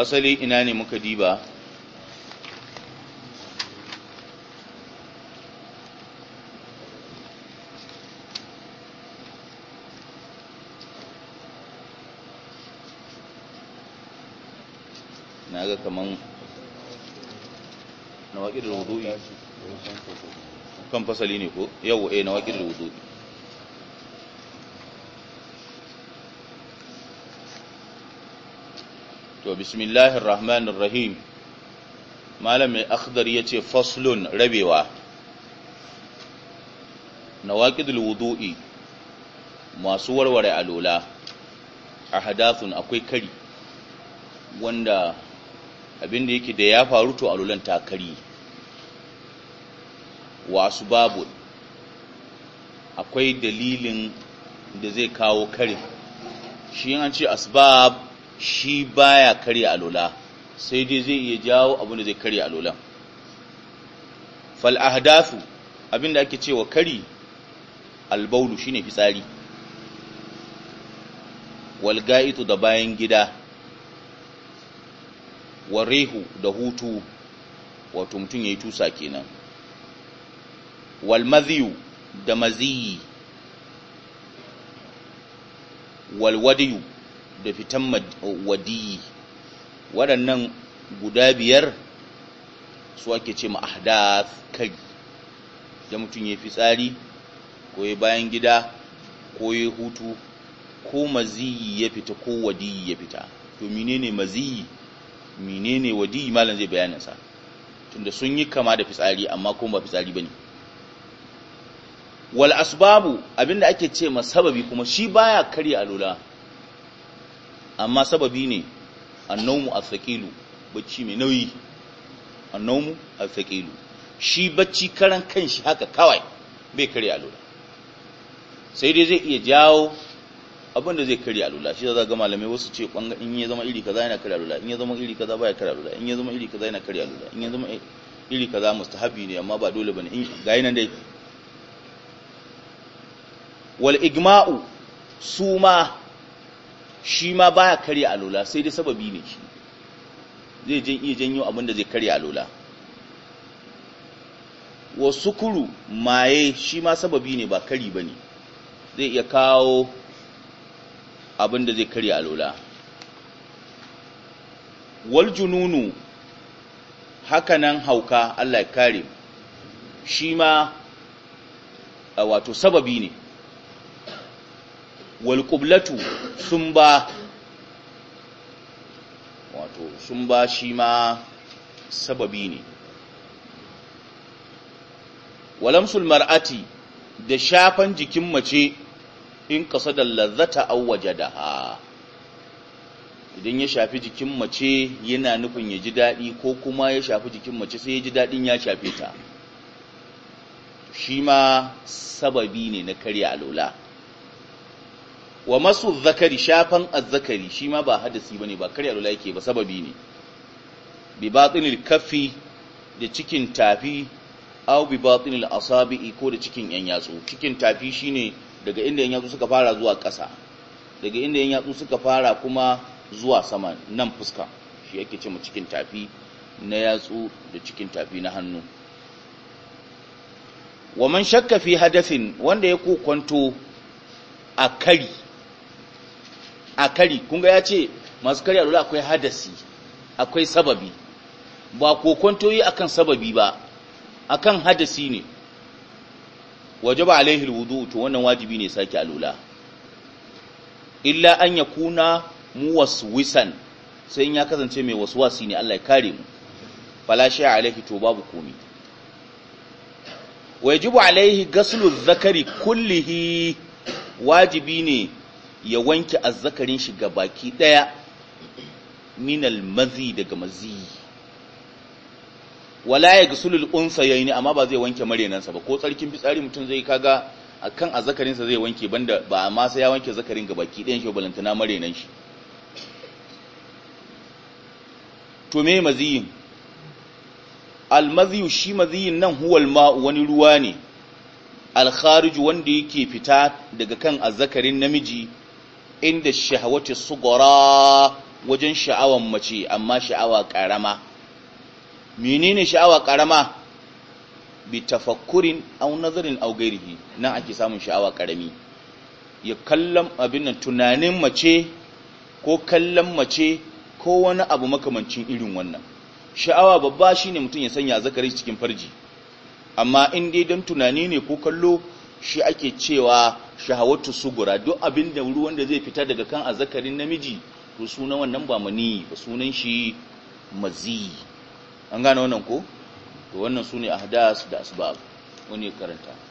asali ina ne muka diba na ga kaman na waƙi da wudu'i kan fasali ne ko yau eh na waƙi da wudu'i to bismillahir rahmanir rahim malam mai akhdar ce faslun rabewa Na nawaqidul wudu'i masu warware alola ahadathun akwai kari wanda abinda yake da ya faru to alolan ta kari wasu babu akwai dalilin da zai kawo kare shi an ce asbab shi baya karya alola sai dai zai iya jawo abin da zai karya alolan fal ahdathu abinda ake cewa kari albaulu shine fitsari wal ga'itu da bayan gida warihu da hutu wato mutum yayi tusa kenan wal madhiyu da maziyi wal wadiyu da fitan wadiyi waɗannan guda biyar su ake ce ma kai da mutum ya fi tsari ko ya bayan gida ko ya hutu ko maziyi ya fita ko wadiyi ya fita to menene maziyi menene wadiyi malam zai bayaninsa tunda sun yi kama da fitsari amma kuma ba fitsari ba bane wal asbabu abinda ake ce ma sababi kuma shi baya karya alula amma sababi ne annawmu athaqilu bacci mai nauyi annawmu athaqilu shi bacci karan kanshi haka kawai bai karya alula sai dai zai iya jawo abin da zai karya alula shi za ga malamai wasu ce kwanga in ya zama iri kaza yana karya alula in ya zama iri kaza baya karya alula in ya zama iri kaza yana karya alula in ya zama iri kaza mustahabi ne amma ba dole bane in ga yana dai wal igma'u suma shi ma baya karya alola sai dai sababi ne shi zai jan iya janyo abin da zai karya alola Wasu kuru maye shi ma sababi ne ba kari ba ne zai iya kawo abin da zai karya alola wal jununu hakanan hauka Allah ya kare shi ma wato sababi ne wal sun ba wato sun shi ma sababi ne walamsul mar'ati da shafan jikin mace in kasada lazzata aw wajadaha idan ya shafi jikin mace yana nufin ya ji daɗi ko kuma ya shafi jikin mace sai ya ji daɗin ya shafe ta shi ma sababi ne na karya alola wa masu zakari shafan azzakari shi ma ba hadasi ne ba karya lula yake ba sababi ne bi batinil kafi da cikin tafi au bi batinil asabi'i ko da cikin yan yatsu cikin tafi shi ne daga inda yan yatsu suka fara zuwa ƙasa daga inda yan yatsu suka fara kuma zuwa sama nan fuska shi yake ce mu cikin tafi na yatsu da cikin tafi na hannu wa man shakka fi hadathin wanda ya kokwanto a kari a kari kunga ya ce masu kari lura akwai hadasi akwai sababi ba kokonto yi akan sababi ba akan hadasi ne ba alaihi alwudu to wannan wajibi ne sake lula. illa an ya kuna yakuna wisan, sai in ya kasance mai wasu wasi ne Allah ya kare mu fala a alaihi to babu komi wajibu alaihi gaslu zakari kullihi wajibi ne ya wanke azzakarin shi ga baki daya minal mazi daga mazi wala ya gusulul unsa amma ba zai wanke marenansa ba ko tsarkin fitsari mutum zai kaga akan azzakarin sa zai wanke banda ba amma sai ya wanke zakarin ga baki dayan shi balantana marenan shi to me maziyin al shi maziyin nan huwal ma'u wani ruwa ne al wanda yake fita daga kan azzakarin namiji inda shahawati sugura wajen sha'awar mace amma sha'awa karama menene sha'awa karama bi tafakkurin aw nazarin aw gairihi nan ake samun sha'awa karami ya kallon abin nan tunanin mace ko kallan mace ko wani abu makamancin irin wannan sha'awa babba shine mutum ya sanya zakari cikin farji amma in dai don tunani ne ko kallo shi ake cewa shahawatu sugura duk abin da ruwan da zai fita daga kan azzakarin namiji to sunan wannan ba mani ba sunan shi mazi an gane wannan ko to wannan sune ahdas da asbab wani karanta